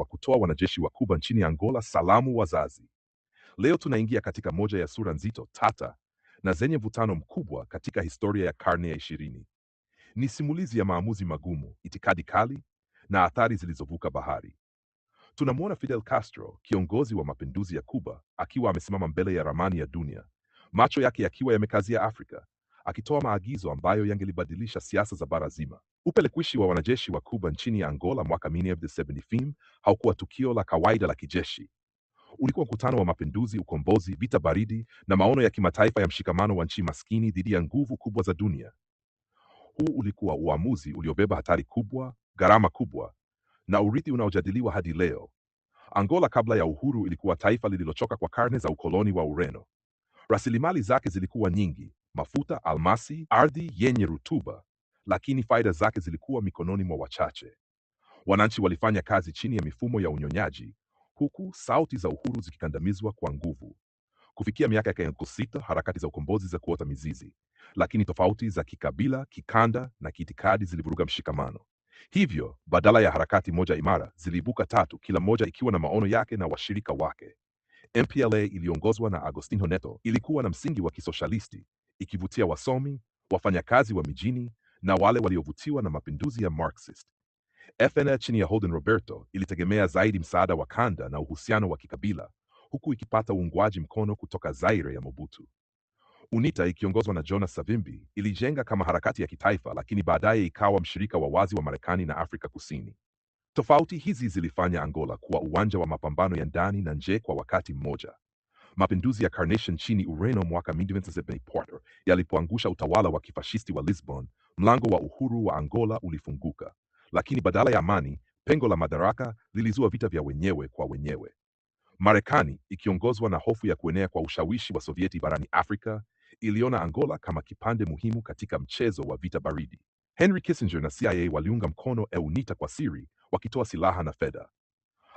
wa kutoa wanajeshi wa Kuba nchini Angola. Salamu wazazi. Leo tunaingia katika moja ya sura nzito, tata na zenye mvutano mkubwa katika historia ya karne ya ishirini. Ni simulizi ya maamuzi magumu, itikadi kali na athari zilizovuka bahari. Tunamwona Fidel Castro, kiongozi wa mapinduzi ya Kuba, akiwa amesimama mbele ya ramani ya dunia, macho yake yakiwa yamekazia Afrika, akitoa maagizo ambayo yangelibadilisha siasa za bara zima. Upelekwishi wa wanajeshi wa Cuba nchini ya Angola mwaka 1975 haukuwa tukio la kawaida la kijeshi. Ulikuwa mkutano wa mapinduzi, ukombozi, vita baridi na maono ya kimataifa ya mshikamano wa nchi maskini dhidi ya nguvu kubwa za dunia. Huu ulikuwa uamuzi uliobeba hatari kubwa, gharama kubwa na urithi unaojadiliwa hadi leo. Angola kabla ya uhuru ilikuwa taifa lililochoka kwa karne za ukoloni wa Ureno. Rasilimali zake zilikuwa nyingi, mafuta, almasi, ardhi yenye rutuba, lakini faida zake zilikuwa mikononi mwa wachache. Wananchi walifanya kazi chini ya mifumo ya unyonyaji, huku sauti za uhuru zikikandamizwa kwa nguvu. Kufikia miaka ya sita, harakati za ukombozi za kuota mizizi, lakini tofauti za kikabila, kikanda na kiitikadi zilivuruga mshikamano. Hivyo badala ya harakati moja imara, ziliibuka tatu, kila moja ikiwa na maono yake na washirika wake. MPLA iliongozwa na Agostinho Neto ilikuwa na msingi wa kisoshalisti, ikivutia wasomi, wafanyakazi wa mijini na wale waliovutiwa na mapinduzi ya Marxist. FNL chini ya Holden Roberto ilitegemea zaidi msaada wa kanda na uhusiano wa kikabila huku ikipata uungwaji mkono kutoka Zaire ya Mobutu. UNITA ikiongozwa na Jonas Savimbi ilijenga kama harakati ya kitaifa, lakini baadaye ikawa mshirika wa wazi wa Marekani na Afrika Kusini. Tofauti hizi zilifanya Angola kuwa uwanja wa mapambano ya ndani na nje kwa wakati mmoja. Mapinduzi ya Carnation nchini Ureno mwaka 1974 yalipoangusha utawala wa kifashisti wa Lisbon, mlango wa uhuru wa Angola ulifunguka, lakini badala ya amani, pengo la madaraka lilizua vita vya wenyewe kwa wenyewe. Marekani ikiongozwa na hofu ya kuenea kwa ushawishi wa Sovieti barani Afrika, iliona Angola kama kipande muhimu katika mchezo wa vita baridi. Henry Kissinger na CIA waliunga mkono EUNITA kwa siri, wakitoa silaha na fedha.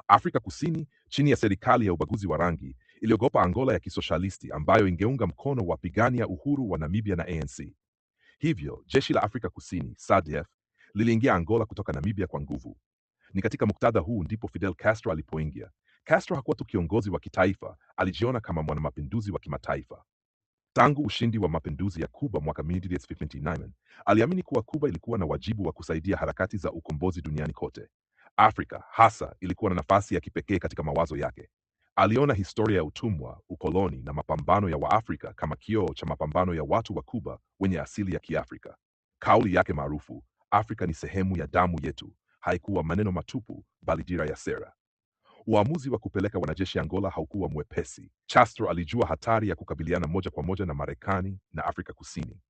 Afrika Kusini chini ya serikali ya ubaguzi wa rangi iliogopa Angola ya kisoshalisti ambayo ingeunga mkono wapigania uhuru wa Namibia na ANC. Hivyo jeshi la Afrika Kusini SADF liliingia Angola kutoka Namibia kwa nguvu. Ni katika muktadha huu ndipo Fidel Castro alipoingia. Castro hakuwa tu kiongozi wa kitaifa, alijiona kama mwanamapinduzi wa kimataifa. Tangu ushindi wa mapinduzi ya Kuba mwaka 1959, aliamini kuwa Kuba ilikuwa na wajibu wa kusaidia harakati za ukombozi duniani kote. Afrika hasa ilikuwa na nafasi ya kipekee katika mawazo yake. Aliona historia ya utumwa, ukoloni na mapambano ya Waafrika kama kioo cha mapambano ya watu wa Kuba wenye asili ya Kiafrika. Kauli yake maarufu, Afrika ni sehemu ya damu yetu, haikuwa maneno matupu, bali dira ya sera. Uamuzi wa kupeleka wanajeshi Angola haukuwa mwepesi. Castro alijua hatari ya kukabiliana moja kwa moja na Marekani na Afrika Kusini.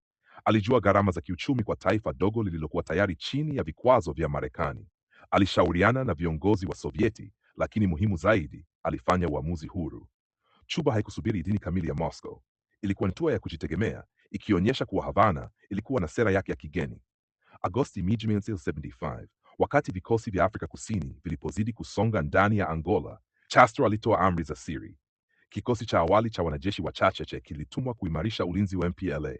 Alijua gharama za kiuchumi kwa taifa dogo lililokuwa tayari chini ya vikwazo vya Marekani. Alishauriana na viongozi wa Sovieti, lakini muhimu zaidi, alifanya uamuzi huru. chuba haikusubiri idhini kamili ya Moscow. Ilikuwa ni hatua ya kujitegemea, ikionyesha kuwa Havana ilikuwa na sera yake ya kigeni. Agosti 1975, wakati vikosi vya Afrika Kusini vilipozidi kusonga ndani ya Angola, Castro alitoa amri za siri. Kikosi cha awali cha wanajeshi wachache kilitumwa kuimarisha ulinzi wa MPLA,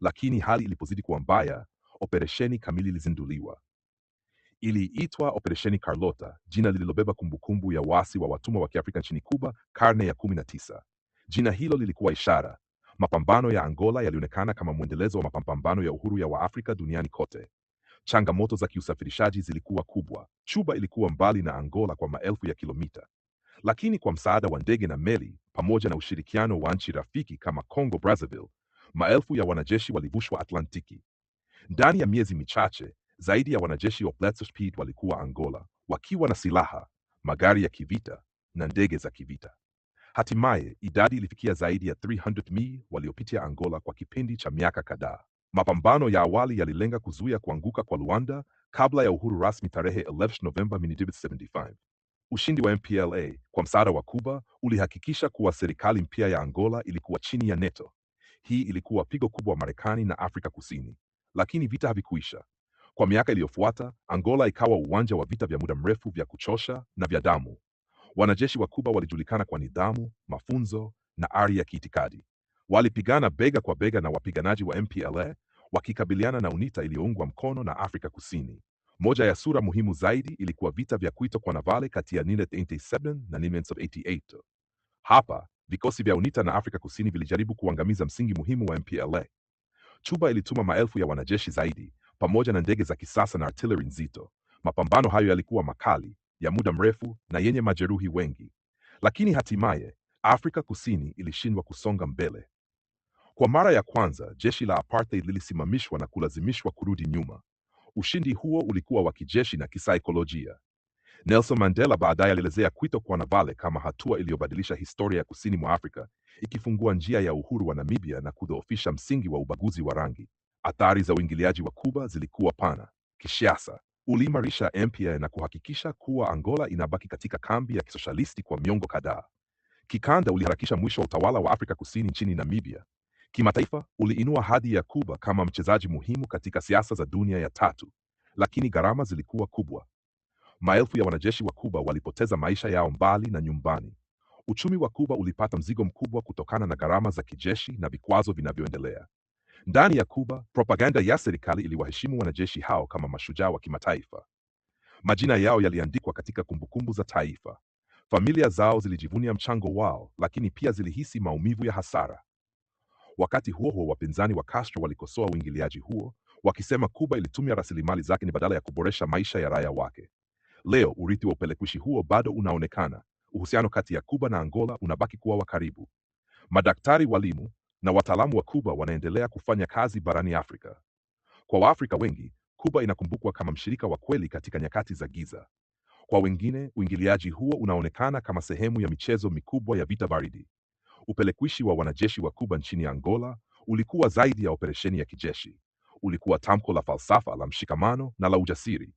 lakini hali ilipozidi kuwa mbaya, operesheni kamili ilizinduliwa iliitwa Operesheni Carlota, jina lililobeba kumbukumbu ya wasi wa watumwa wa Kiafrika nchini kuba karne ya kumi Jina hilo lilikuwa ishara. Mapambano ya Angola yalionekana kama mwendelezo wa mapambano ya uhuru ya Waafrika duniani kote. Changamoto za kiusafirishaji zilikuwa kubwa. chuba ilikuwa mbali na Angola kwa maelfu ya kilomita, lakini kwa msaada wa ndege na meli pamoja na ushirikiano wa nchi rafiki kama Congo Brazzaville, maelfu ya wanajeshi walivushwa Atlantiki. Ndani ya miezi michache, zaidi ya wanajeshi wa Blitz walikuwa Angola wakiwa na silaha, magari ya kivita na ndege za kivita. Hatimaye idadi ilifikia zaidi ya 300,000 waliopitia Angola kwa kipindi cha miaka kadhaa. Mapambano ya awali yalilenga kuzuia kuanguka kwa Luanda kabla ya uhuru rasmi tarehe 11 Novemba 1975. Ushindi wa MPLA kwa msaada wa Cuba ulihakikisha kuwa serikali mpya ya Angola ilikuwa chini ya NATO. Hii ilikuwa pigo kubwa Marekani na Afrika Kusini, lakini vita havikuisha. Kwa miaka iliyofuata, Angola ikawa uwanja wa vita vya muda mrefu vya kuchosha na vya damu. Wanajeshi wa Kuba walijulikana kwa nidhamu, mafunzo na ari ya kiitikadi. Walipigana bega kwa bega na wapiganaji wa MPLA wakikabiliana na UNITA iliyoungwa mkono na Afrika Kusini. Moja ya sura muhimu zaidi ilikuwa vita vya kuitwa kwa Navale kati ya 1987 na 1988. Hapa vikosi vya UNITA na Afrika Kusini vilijaribu kuangamiza msingi muhimu wa MPLA. chuba ilituma maelfu ya wanajeshi zaidi pamoja na ndege za kisasa na artillery nzito. Mapambano hayo yalikuwa makali, ya muda mrefu na yenye majeruhi wengi, lakini hatimaye Afrika Kusini ilishindwa kusonga mbele. Kwa mara ya kwanza, jeshi la apartheid lilisimamishwa na kulazimishwa kurudi nyuma. Ushindi huo ulikuwa wa kijeshi na kisaikolojia. Nelson Mandela baadaye alielezea kwito kwa navale kama hatua iliyobadilisha historia ya kusini mwa Afrika, ikifungua njia ya uhuru wa Namibia na kudhoofisha msingi wa ubaguzi wa rangi. Athari za uingiliaji wa kuba zilikuwa pana. Kisiasa, uliimarisha empire na kuhakikisha kuwa Angola inabaki katika kambi ya kisoshalisti kwa miongo kadhaa. Kikanda, uliharakisha mwisho wa utawala wa Afrika Kusini nchini Namibia. Kimataifa, uliinua hadhi ya kuba kama mchezaji muhimu katika siasa za dunia ya tatu, lakini gharama zilikuwa kubwa. Maelfu ya wanajeshi wa kuba walipoteza maisha yao mbali na nyumbani. Uchumi wa kuba ulipata mzigo mkubwa kutokana na gharama za kijeshi na vikwazo vinavyoendelea. Ndani ya Kuba, propaganda ya serikali iliwaheshimu wanajeshi hao kama mashujaa wa kimataifa. Majina yao yaliandikwa katika kumbukumbu za taifa. Familia zao zilijivunia mchango wao, lakini pia zilihisi maumivu ya hasara. Wakati huo huo, wapinzani wa Castro walikosoa uingiliaji huo, wakisema Kuba ilitumia rasilimali zake ni badala ya kuboresha maisha ya raia wake. Leo urithi wa upelekushi huo bado unaonekana. Uhusiano kati ya Kuba na Angola unabaki kuwa wa karibu. Madaktari, walimu, na wataalamu wa kuba wanaendelea kufanya kazi barani Afrika. Kwa Waafrika wengi, kuba inakumbukwa kama mshirika wa kweli katika nyakati za giza. Kwa wengine, uingiliaji huo unaonekana kama sehemu ya michezo mikubwa ya vita baridi. Upelekwishi wa wanajeshi wa kuba nchini Angola ulikuwa zaidi ya operesheni ya kijeshi. Ulikuwa tamko la falsafa la mshikamano na la ujasiri.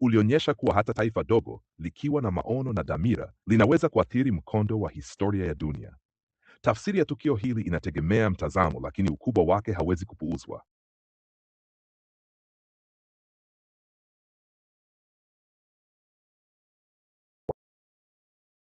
Ulionyesha kuwa hata taifa dogo likiwa na maono na dhamira linaweza kuathiri mkondo wa historia ya dunia. Tafsiri ya tukio hili inategemea mtazamo, lakini ukubwa wake hawezi kupuuzwa.